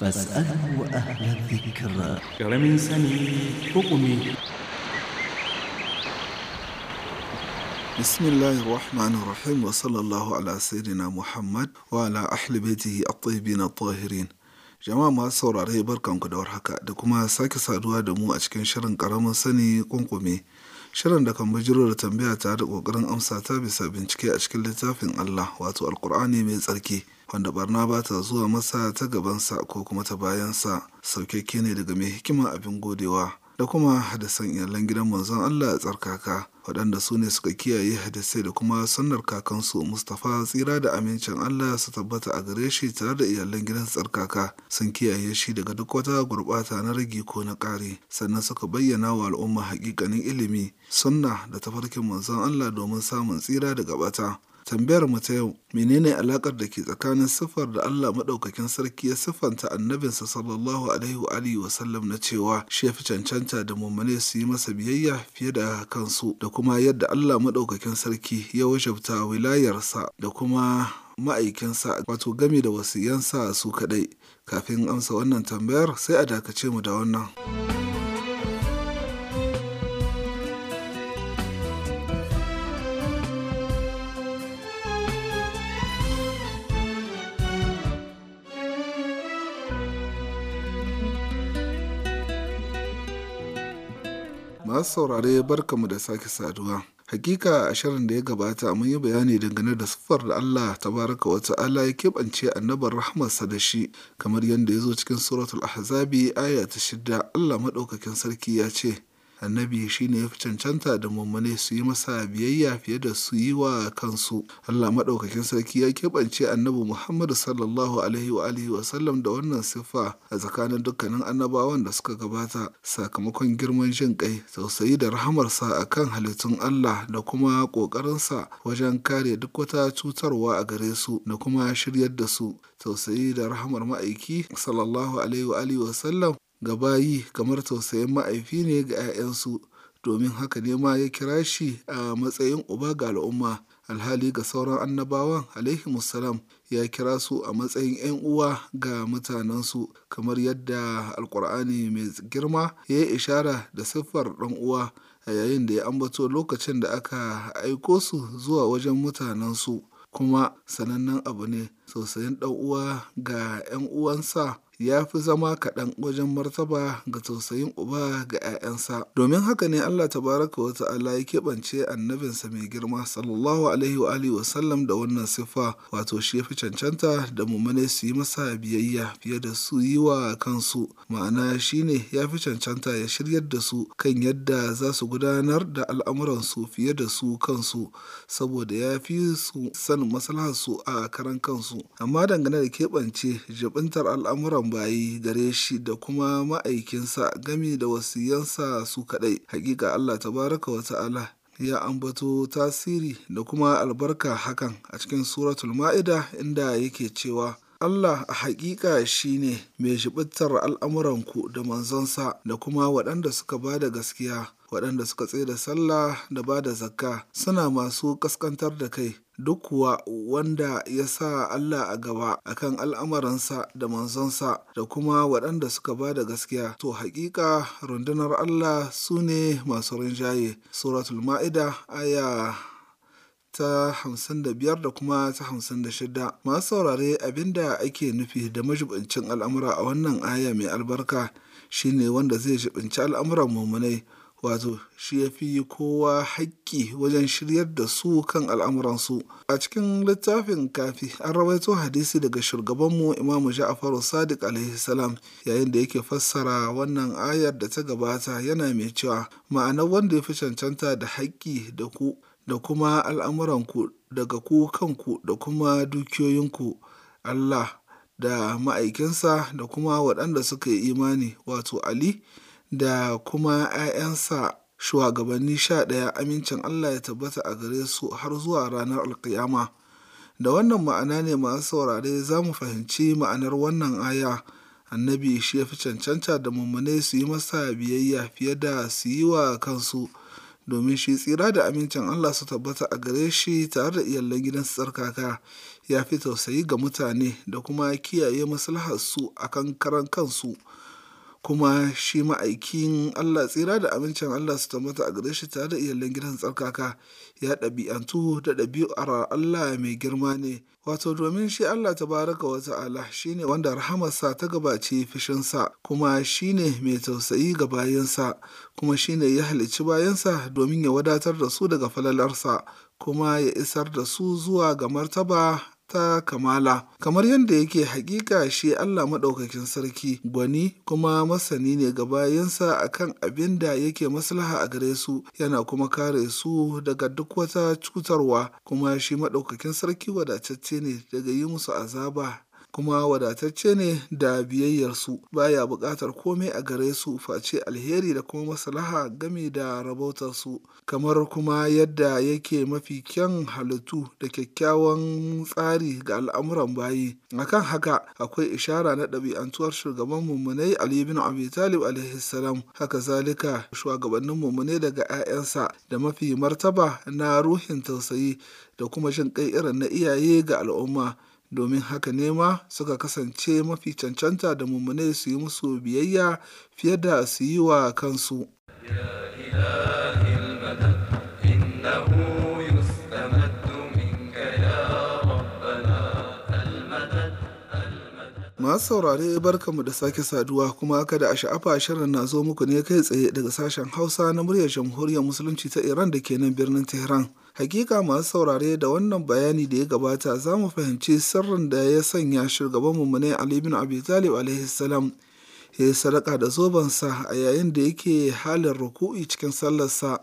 فاسأله أهل الذكر كرم سني فقمي بسم الله الرحمن الرحيم وصلى الله على سيدنا محمد وعلى أهل بيته الطيبين الطاهرين جماعة ما صور عليه بركة ونقدر حكا دكما ساكي سادوا دمو أشكين شرن كرم سني قنقمي shirin da kan bijiro da tambaya tare da ƙoƙarin amsa ta bisa bincike a cikin wanda barna ba ta zuwa masa ta gabansa ko kuma ta bayansa saukakke ne daga mai hikima abin godewa da kuma hadisan iyalan gidan manzon Allah a tsarkaka waɗanda su ne suka kiyaye hadisai da kuma sannar kakansu Mustapha tsira da amincin Allah su tabbata a gare shi tare da iyalan gidan tsarkaka sun kiyaye shi daga duk wata gurɓata na rage ko na ƙari sannan suka bayyana wa al'umma haƙiƙanin ilimi sunna da tafarkin manzon Allah domin samun tsira daga bata Tambayar mu ta yau menene alakar da ke tsakanin siffar da Allah maɗaukakin sarki ya siffanta annabinsa sallallahu alaihi wa alihi sallam na cewa shi ya fi cancanta da mummune su yi masa biyayya fiye da kansu da kuma yadda Allah maɗaukakin sarki ya wajabta wilayarsa da kuma ma'aikinsa wato gami da yansa su kaɗai kafin amsa wannan tambayar sai a dakace mu da wannan. masu saurare barkamu da sake saduwa hakika a shirin da ya gabata mun yi bayani dangane da siffar da Allah ta tabaraka wata ta'ala ya keɓance annabar rahmarsa da shi kamar yadda ya zo cikin suratul ahzabi aya ta shidda Allah maɗaukakin sarki ya ce annabi shine ya fi cancanta da mummune su yi masa biyayya fiye da su yi wa kansu Allah maɗaukakin sarki ya keɓance annabi Muhammadu sallallahu alaihi wa alihi wa sallam da wannan siffa a tsakanin dukkanin annabawan da suka gabata sakamakon girman jin kai tausayi da rahamarsa a kan halittun Allah da kuma ƙoƙarinsa wajen kare duk wata cutarwa a gare su da kuma shiryar da su tausayi da rahamar ma'aiki sallallahu alaihi wa alihi wa sallam ga bayi kamar tausayin ma'aifi ne ga 'ya'yansu domin haka ne ma ya kira shi a matsayin uba ga al'umma alhali ga sauran annabawan alaihimussalam ya kira su a matsayin 'yan uwa ga mutanensu kamar yadda alkur'ani mai girma ya yi ishara da siffar ɗan uwa a yayin da ya ambato lokacin da aka aiko su zuwa wajen mutanensu kuma sanannen abu ne tausayin ɗan uwa ga 'yan uwansa ya fi zama kaɗan wajen martaba ga tausayin uba ga 'ya'yansa. Domin haka ne Allah Ta baraka wa ta'ala ya keɓance annabinsa mai girma sallallahu alaihi wa alihi wa sallam da wannan siffa wato shi ya fi cancanta da mummune su yi masa biyayya fiye da su yi wa kansu ma'ana shine ya fi cancanta ya shiryar da su kan yadda za su gudanar da al'amuransu fiye da su kansu saboda ya fi su sanin su a karan kansu amma dangane da keɓance jibintar al'amuran tambayi gare shi da kuma ma'aikinsa gami da wasiyansa su kaɗai. Hakika Allah tabaraka wa ta'ala ya ambato tasiri da kuma albarka hakan a cikin suratul ma'ida inda yake cewa Allah a haƙiƙa shi ne mai shibitar al'amuranku da manzonsa da kuma waɗanda suka ba da gaskiya, waɗanda suka tsaye da sallah da ba da zakka suna masu ƙasƙantar da kai. Duk kuwa wanda ya sa Allah a gaba akan al'amuransa da manzonsa da kuma waɗanda suka ba da gaskiya, to haƙiƙa rundunar Allah su ne masu rinjaye. Suratul Ma'ida aya ta hamsin da biyar da kuma ta hamsin da shida. masu saurare abinda ake nufi da majibincin al'amura a wannan aya mai albarka shine wanda zai jibinci al'amuran mummunai wato shi ya fi kowa haƙƙi wajen shiryar da su kan al'amuransu a cikin littafin kafi an rawaito hadisi daga shugabanmu imamu ja'afaru sadiq alaihi salam yayin da yake fassara wannan ayar da ta gabata yana mai cewa ma'anar wanda ya fi cancanta da haƙƙi da ku da kuma al'amuranku daga ku kanku da kuma dukiyoyinku Allah da ma'aikinsa da kuma waɗanda suka yi imani wato Ali da kuma ‘ya'yansa shugabanni sha ɗaya amincin Allah ya tabbata a gare su har zuwa ranar alkiyama. Da wannan ma'ana ne masu saurare za mu fahimci ma'anar wannan aya annabi shi ya fi cancanta da mummune su yi masa biyayya fiye da su yi wa kansu domin shi tsira da amincin Allah su tabbata a gare shi tare da iyalan gidan tsarkaka ya fi tausayi ga mutane da kuma kiyaye maslaharsu a kan karan kansu kuma shi ma'aikin Allah tsira da amincin Allah su tabbata a gare shi tare da iyalin gidan tsarkaka ya ɗabi'antu da ɗabi'ar Allah mai girma ne wato domin shi Allah ta tabaraka wa ta'ala shine wanda rahamarsa ta gabace fishinsa kuma shine mai tausayi ga bayansa kuma shine ya halicci bayansa domin ya wadatar da su daga falalarsa kuma ya isar da su zuwa ga martaba ta kamala kamar yadda yake hakika shi Allah maɗaukakin sarki gwani kuma masani ne ga bayansa akan abin da yake maslaha a gare su yana kuma kare su daga duk wata cutarwa kuma shi maɗaukakin sarki wadatacce ne daga yi musu azaba kuma wadatacce ne da biyayyarsu baya buƙatar komai a gare su face alheri da kuma maslaha game da rabautarsu kamar kuma yadda yake mafi kyan halittu da kyakkyawan tsari ga al'amuran bayi A kan haka akwai ishara na ɗabi'antuwar shugaban mummunai ali bin abi talib alaihi haka zalika shugabannin mummunai daga 'ya'yansa da mafi martaba na ruhin tausayi da kuma jin kai irin na iyaye ga al'umma domin haka ne ma suka kasance mafi cancanta da mummune su yi musu biyayya fiye da su yi wa kansu. Masu saurare barkanmu da sake saduwa kuma kada a sha'afa shirin na zo muku ne kai tsaye daga sashen Hausa na muryar Jamhuriyar Musulunci ta Iran da ke nan birnin Tehran. Hakika masu saurare da wannan bayani da ya gabata za mu fahimci sirrin da ya sanya shugaban ne Ali bin Abi Talib alaihi salam ya yi sadaka da zobansa a yayin da yake halin ruku'i cikin sallarsa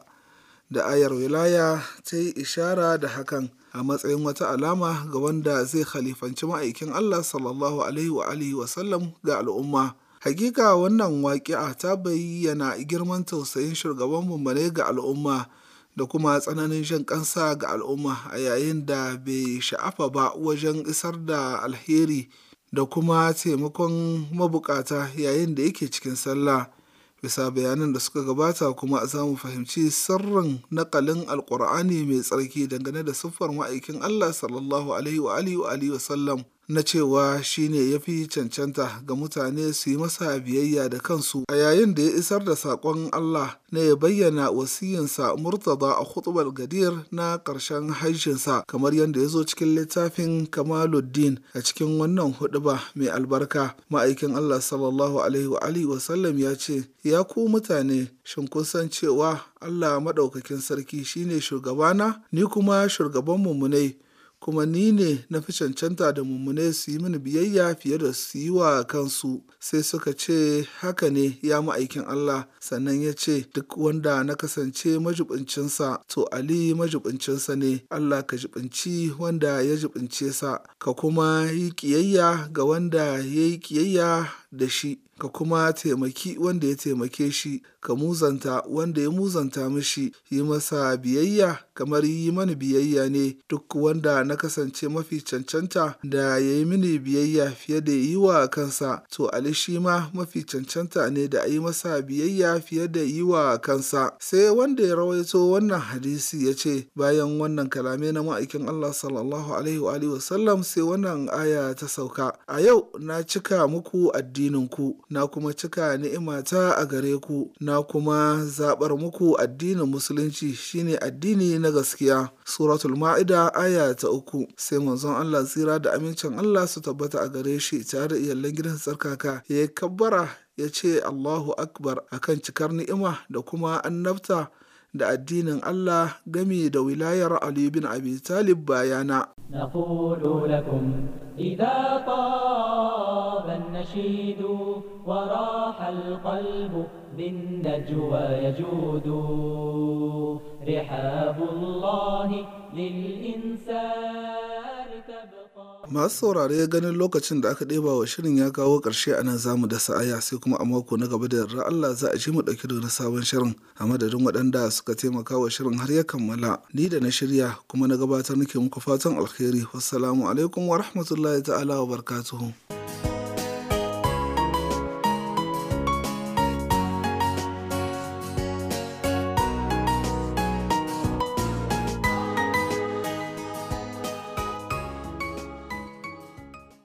da ayar wilaya ta yi ishara da hakan. a matsayin wata alama ga wanda zai khalifanci ma'aikin Allah sallallahu alaihi wa alihi wa sallam ga al'umma. Hakika wannan waƙi'a ta bayyana girman tausayin shugaban mummune ga al'umma da kuma tsananin jin kansa ga al'umma a yayin da bai sha'afa ba wajen isar da alheri da kuma taimakon mabukata yayin da yake cikin sallah. bisa bayanan da suka gabata kuma za mu fahimci sirrin nakalin alkur'ani mai tsarki dangane da siffar ma'aikin Allah sallallahu alaihi wa alihi wa sallam na cewa shi ne ya fi cancanta ga mutane su yi masa biyayya da kansu a yayin da ya isar da saƙon Allah na ya bayyana wasiyinsa murtaba a hutubar gadir na ƙarshen haishinsa kamar yadda ya zo cikin littafin kamaluddin a cikin wannan huɗuba mai albarka ma'aikin Allah sallallahu alaihi wa alihi wasallam ya ce ya ku mutane shin kun san cewa Allah maɗaukakin sarki shine shugabana ni kuma shugaban mummunai kuma ni ne na fi cancanta da mummune su yi mini biyayya fiye da su yi wa kansu sai suka ce haka ne ya ma'aikin Allah sannan ya ce duk wanda na kasance majibincinsa to Ali majibincinsa ne Allah ka jibinci wanda ya jibince sa ka kuma yi kiyayya ga wanda ya yi kiyayya da shi ka kuma taimaki wanda ya taimake shi ka muzanta wanda ya muzanta mishi yi masa biyayya kamar yi mani biyayya ne duk wanda na kasance mafi cancanta da ya yi mini biyayya fiye da yi wa kansa to ali shi ma mafi cancanta ne da a yi masa biyayya fiye da yi wa kansa sai wanda ya rawaito wannan hadisi ya ce bayan wannan kalame na ma'aikin Allah sallallahu alaihi wa sallam sai wannan aya ta sauka a yau na cika muku addinin ku na kuma cika ni'imata a gare ku na kuma zaɓar muku addinin musulunci shine addini na gaskiya suratul ma'ida aya ta uku sai manzon Allah tsira da amincin Allah su tabbata a gare shi tare da iyalan gidan tsarkaka ya kabbara ya ce Allahu akbar akan cikar ni'ima da kuma annabta da addinin Allah gami da wilayar Ali bin Abi Talib bayana. نقول lakum إذا ta النشيد وراح القلب بالنجوى يجود رحاب الله للإنسان تبقى masu saurare ganin lokacin da aka ɗeba wa shirin ya kawo ƙarshe a nan zamu da sa'aya sai kuma a mako na gaba da yarda Allah za a ji mu ɗauki da wani sabon shirin a madadin waɗanda suka taimaka wa shirin har ya kammala ni da na shirya kuma na gabatar nake muku fatan alkhairi wassalamu alaikum wa rahmatullahi ta'ala wa barakatuhu.